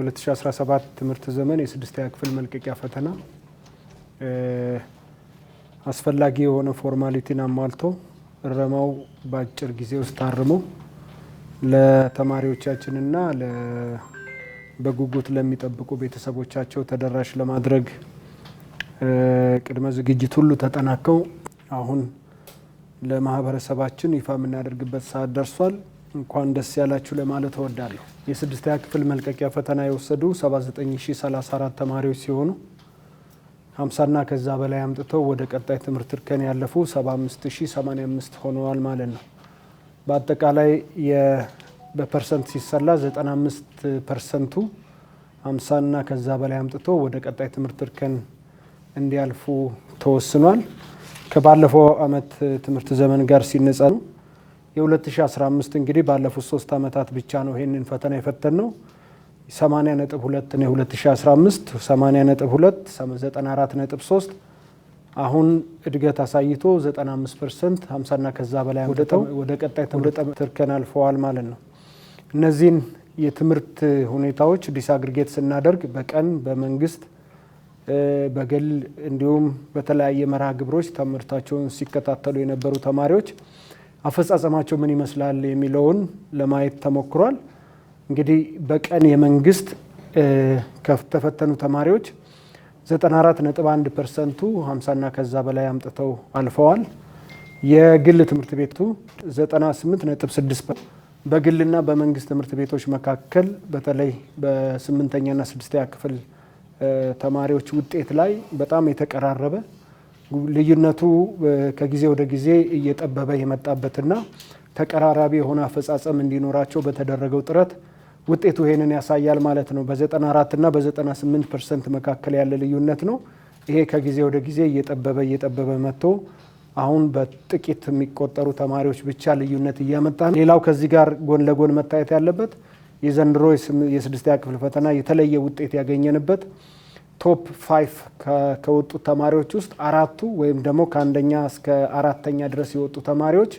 የ2017 ትምህርት ዘመን የስድስተኛ ክፍል መልቀቂያ ፈተና አስፈላጊ የሆነ ፎርማሊቲን አሟልቶ እረማው በአጭር ጊዜ ውስጥ ታርሞ ለተማሪዎቻችንና በጉጉት ለሚጠብቁ ቤተሰቦቻቸው ተደራሽ ለማድረግ ቅድመ ዝግጅት ሁሉ ተጠናከው አሁን ለማህበረሰባችን ይፋ የምናደርግበት ሰዓት ደርሷል። እንኳን ደስ ያላችሁ ለማለት እወዳለሁ። የስድስተኛ ክፍል መልቀቂያ ፈተና የወሰዱ 79034 ተማሪዎች ሲሆኑ 50ና ከዛ በላይ አምጥተው ወደ ቀጣይ ትምህርት እርከን ያለፉ 75085 ሆነዋል ማለት ነው። በአጠቃላይ በፐርሰንት ሲሰላ 95 ፐርሰንቱ 50ና ከዛ በላይ አምጥቶ ወደ ቀጣይ ትምህርት እርከን እንዲያልፉ ተወስኗል። ከባለፈው ዓመት ትምህርት ዘመን ጋር ሲነጻ የ2015 እንግዲህ ባለፉት ሶስት ዓመታት ብቻ ነው ይህንን ፈተና የፈተን ነው 80 ነጥብ 2 ነው የ2015 80 ነጥብ 2 94 ነጥብ 3 አሁን እድገት አሳይቶ 95 ፐርሰንት 50 ና ከዛ በላይ አምጥተው ወደ ቀጣይ ትርከን አልፈዋል ማለት ነው። እነዚህን የትምህርት ሁኔታዎች ዲስአግሪጌት ስናደርግ በቀን በመንግስት በግል እንዲሁም በተለያየ መርሃ ግብሮች ትምህርታቸውን ሲከታተሉ የነበሩ ተማሪዎች አፈጻጸማቸው ምን ይመስላል የሚለውን ለማየት ተሞክሯል። እንግዲህ በቀን የመንግስት ከተፈተኑ ተማሪዎች 94.1 ፐርሰንቱ 50ና ከዛ በላይ አምጥተው አልፈዋል። የግል ትምህርት ቤቱ 98.6 በግልና በመንግስት ትምህርት ቤቶች መካከል በተለይ በስምንተኛና ስድስተኛ ክፍል ተማሪዎች ውጤት ላይ በጣም የተቀራረበ ልዩነቱ ከጊዜ ወደ ጊዜ እየጠበበ የመጣበትና ተቀራራቢ የሆነ አፈጻጸም እንዲኖራቸው በተደረገው ጥረት ውጤቱ ይሄንን ያሳያል ማለት ነው። በ94 ና በ98 ፐርሰንት መካከል ያለ ልዩነት ነው። ይሄ ከጊዜ ወደ ጊዜ እየጠበበ እየጠበበ መጥቶ አሁን በጥቂት የሚቆጠሩ ተማሪዎች ብቻ ልዩነት እያመጣ ነው። ሌላው ከዚህ ጋር ጎን ለጎን መታየት ያለበት የዘንድሮ የስድስተኛ ክፍል ፈተና የተለየ ውጤት ያገኘንበት ቶፕ ፋይፍ ከወጡ ተማሪዎች ውስጥ አራቱ ወይም ደግሞ ከአንደኛ እስከ አራተኛ ድረስ የወጡ ተማሪዎች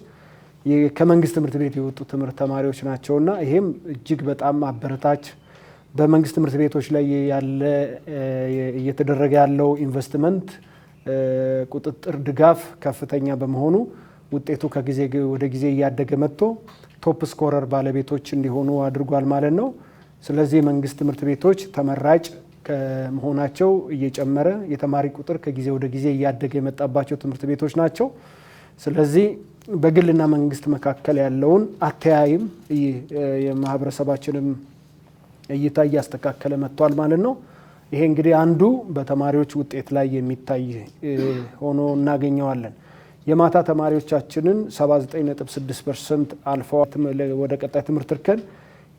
ከመንግስት ትምህርት ቤት የወጡ ትምህርት ተማሪዎች ናቸውና ይሄም እጅግ በጣም አበረታች በመንግስት ትምህርት ቤቶች ላይ ያለ እየተደረገ ያለው ኢንቨስትመንት ቁጥጥር፣ ድጋፍ ከፍተኛ በመሆኑ ውጤቱ ከጊዜ ወደ ጊዜ እያደገ መጥቶ ቶፕ ስኮረር ባለቤቶች እንዲሆኑ አድርጓል ማለት ነው። ስለዚህ የመንግስት ትምህርት ቤቶች ተመራጭ ከመሆናቸው እየጨመረ የተማሪ ቁጥር ከጊዜ ወደ ጊዜ እያደገ የመጣባቸው ትምህርት ቤቶች ናቸው። ስለዚህ በግልና መንግስት መካከል ያለውን አተያይም የማህበረሰባችንም እይታ እያስተካከለ መጥቷል ማለት ነው። ይሄ እንግዲህ አንዱ በተማሪዎች ውጤት ላይ የሚታይ ሆኖ እናገኘዋለን። የማታ ተማሪዎቻችንን 79.6 ፐርሰንት አልፈዋል ወደ ቀጣይ ትምህርት እርከን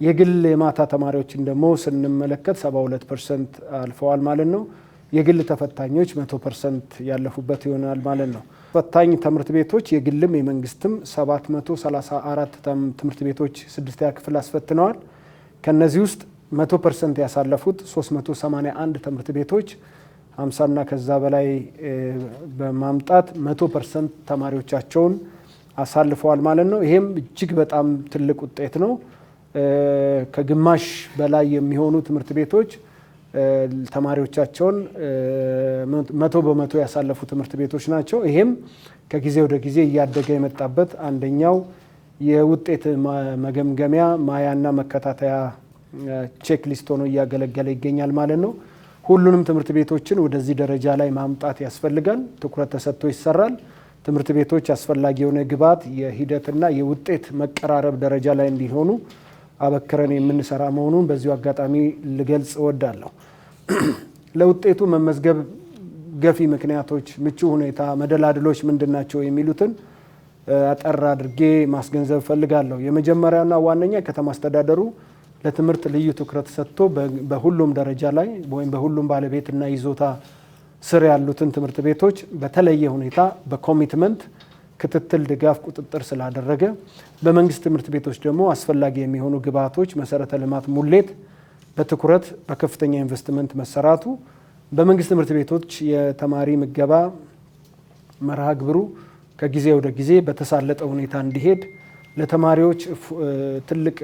የግል የማታ ተማሪዎችን ደግሞ ስንመለከት 72 ፐርሰንት አልፈዋል ማለት ነው። የግል ተፈታኞች መቶ ፐርሰንት ያለፉበት ይሆናል ማለት ነው። ፈታኝ ትምህርት ቤቶች የግልም የመንግስትም 734 ትምህርት ቤቶች ስድስተኛ ክፍል አስፈትነዋል። ከነዚህ ውስጥ 100 ፐርሰንት ያሳለፉት 381 ትምህርት ቤቶች 50ና ከዛ በላይ በማምጣት 100 ፐርሰንት ተማሪዎቻቸውን አሳልፈዋል ማለት ነው። ይሄም እጅግ በጣም ትልቅ ውጤት ነው። ከግማሽ በላይ የሚሆኑ ትምህርት ቤቶች ተማሪዎቻቸውን መቶ በመቶ ያሳለፉ ትምህርት ቤቶች ናቸው። ይሄም ከጊዜ ወደ ጊዜ እያደገ የመጣበት አንደኛው የውጤት መገምገሚያ ማያና መከታተያ ቼክ ሊስት ሆኖ እያገለገለ ይገኛል ማለት ነው። ሁሉንም ትምህርት ቤቶችን ወደዚህ ደረጃ ላይ ማምጣት ያስፈልጋል። ትኩረት ተሰጥቶ ይሰራል። ትምህርት ቤቶች አስፈላጊ የሆነ ግብዓት የሂደትና የውጤት መቀራረብ ደረጃ ላይ እንዲሆኑ አበክረን የምንሰራ መሆኑን በዚሁ አጋጣሚ ልገልጽ እወዳለሁ። ለውጤቱ መመዝገብ ገፊ ምክንያቶች፣ ምቹ ሁኔታ፣ መደላድሎች ምንድናቸው የሚሉትን አጠር አድርጌ ማስገንዘብ እፈልጋለሁ። የመጀመሪያና ዋነኛ ከተማ አስተዳደሩ ለትምህርት ልዩ ትኩረት ሰጥቶ በሁሉም ደረጃ ላይ ወይም በሁሉም ባለቤትና ይዞታ ስር ያሉትን ትምህርት ቤቶች በተለየ ሁኔታ በኮሚትመንት ክትትል፣ ድጋፍ፣ ቁጥጥር ስላደረገ በመንግስት ትምህርት ቤቶች ደግሞ አስፈላጊ የሚሆኑ ግብዓቶች፣ መሰረተ ልማት ሙሌት በትኩረት በከፍተኛ ኢንቨስትመንት መሰራቱ በመንግስት ትምህርት ቤቶች የተማሪ ምገባ መርሃ ግብሩ ከጊዜ ወደ ጊዜ በተሳለጠ ሁኔታ እንዲሄድ ለተማሪዎች ትልቅ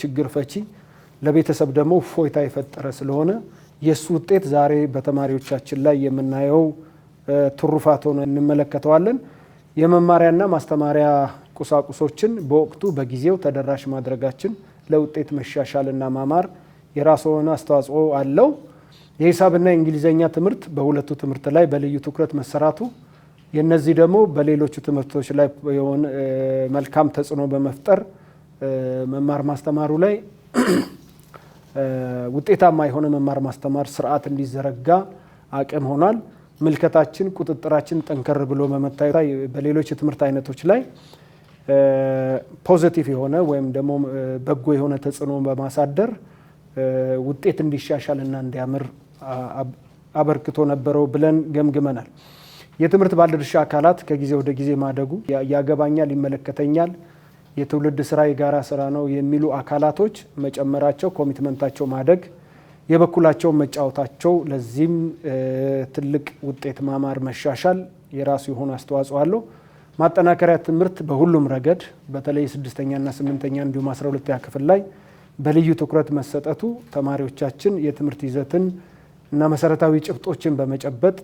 ችግር ፈቺ ለቤተሰብ ደግሞ እፎይታ የፈጠረ ስለሆነ የእሱ ውጤት ዛሬ በተማሪዎቻችን ላይ የምናየው ትሩፋት ሆኖ እንመለከተዋለን። የመማሪያና ማስተማሪያ ቁሳቁሶችን በወቅቱ በጊዜው ተደራሽ ማድረጋችን ለውጤት መሻሻልና ማማር የሆነ አስተዋጽኦ አለው። የሂሳብና የእንግሊዝኛ ትምህርት በሁለቱ ትምህርት ላይ በልዩ ትኩረት መሰራቱ የነዚህ ደግሞ በሌሎቹ ትምህርቶች ላይ የሆነ መልካም ተጽዕኖ በመፍጠር መማር ማስተማሩ ላይ ውጤታማ የሆነ መማር ማስተማር ስርዓት እንዲዘረጋ አቅም ሆኗል። ምልከታችን፣ ቁጥጥራችን ጠንከር ብሎ በመታየት በሌሎች የትምህርት አይነቶች ላይ ፖዘቲቭ የሆነ ወይም ደግሞ በጎ የሆነ ተጽዕኖ በማሳደር ውጤት እንዲሻሻልና እንዲያምር አበርክቶ ነበረው ብለን ገምግመናል። የትምህርት ባለድርሻ አካላት ከጊዜ ወደ ጊዜ ማደጉ ያገባኛል፣ ይመለከተኛል፣ የትውልድ ስራ የጋራ ስራ ነው የሚሉ አካላቶች መጨመራቸው ኮሚትመንታቸው ማደግ የበኩላቸውን መጫወታቸው ለዚህም ትልቅ ውጤት ማማር መሻሻል የራሱ የሆነ አስተዋጽኦ አለው። ማጠናከሪያ ትምህርት በሁሉም ረገድ በተለይ ስድስተኛና ስምንተኛ እንዲሁም አስራ ሁለተኛ ክፍል ላይ በልዩ ትኩረት መሰጠቱ ተማሪዎቻችን የትምህርት ይዘትን እና መሰረታዊ ጭብጦችን በመጨበጥ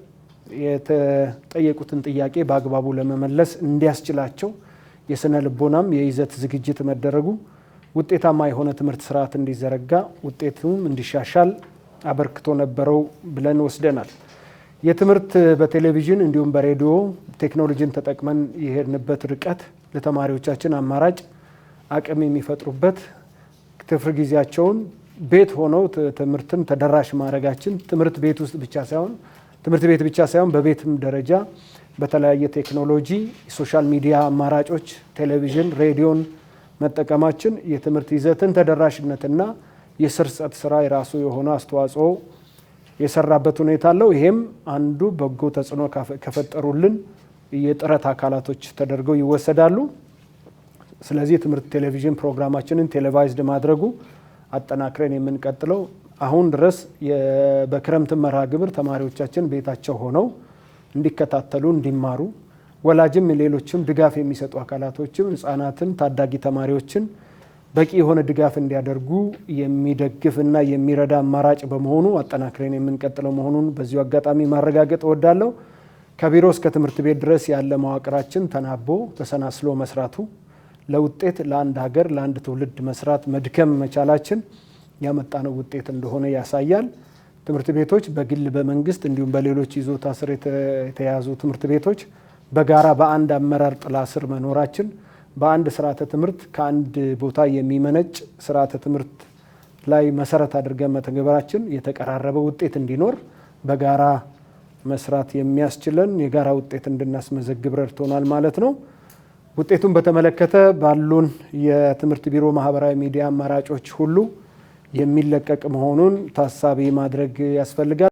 የተጠየቁትን ጥያቄ በአግባቡ ለመመለስ እንዲያስችላቸው የስነ ልቦናም የይዘት ዝግጅት መደረጉ ውጤታማ የሆነ ትምህርት ስርዓት እንዲዘረጋ ውጤቱም እንዲሻሻል አበርክቶ ነበረው ብለን ወስደናል። የትምህርት በቴሌቪዥን እንዲሁም በሬዲዮ ቴክኖሎጂን ተጠቅመን የሄድንበት ርቀት ለተማሪዎቻችን አማራጭ አቅም የሚፈጥሩበት ትርፍ ጊዜያቸውን ቤት ሆነው ትምህርትን ተደራሽ ማድረጋችን ትምህርት ቤት ውስጥ ብቻ ሳይሆን ትምህርት ቤት ብቻ ሳይሆን በቤትም ደረጃ በተለያየ ቴክኖሎጂ ሶሻል ሚዲያ አማራጮች ቴሌቪዥን፣ ሬዲዮን መጠቀማችን የትምህርት ይዘትን ተደራሽነትና የስርጸት ስራ የራሱ የሆነ አስተዋጽኦ የሰራበት ሁኔታ አለው። ይሄም አንዱ በጎ ተጽዕኖ ከፈጠሩልን የጥረት አካላቶች ተደርገው ይወሰዳሉ። ስለዚህ የትምህርት ቴሌቪዥን ፕሮግራማችንን ቴሌቫይዝድ ማድረጉ አጠናክረን የምንቀጥለው አሁን ድረስ በክረምት መርሃ ግብር ተማሪዎቻችን ቤታቸው ሆነው እንዲከታተሉ እንዲማሩ ወላጅም ሌሎችም ድጋፍ የሚሰጡ አካላቶችም ህጻናትን፣ ታዳጊ ተማሪዎችን በቂ የሆነ ድጋፍ እንዲያደርጉ የሚደግፍና የሚረዳ አማራጭ በመሆኑ አጠናክረን የምንቀጥለው መሆኑን በዚሁ አጋጣሚ ማረጋገጥ እወዳለሁ። ከቢሮ እስከ ትምህርት ቤት ድረስ ያለ መዋቅራችን ተናቦ ተሰናስሎ መስራቱ ለውጤት ለአንድ ሀገር ለአንድ ትውልድ መስራት መድከም መቻላችን ያመጣነው ውጤት እንደሆነ ያሳያል። ትምህርት ቤቶች በግል በመንግስት እንዲሁም በሌሎች ይዞታ ስር የተያዙ ትምህርት ቤቶች በጋራ በአንድ አመራር ጥላ ስር መኖራችን በአንድ ስርዓተ ትምህርት ከአንድ ቦታ የሚመነጭ ስርዓተ ትምህርት ላይ መሰረት አድርገን መተግበራችን የተቀራረበ ውጤት እንዲኖር በጋራ መስራት የሚያስችለን የጋራ ውጤት እንድናስመዘግብ ረድቶናል ማለት ነው። ውጤቱን በተመለከተ ባሉን የትምህርት ቢሮ ማህበራዊ ሚዲያ አማራጮች ሁሉ የሚለቀቅ መሆኑን ታሳቢ ማድረግ ያስፈልጋል።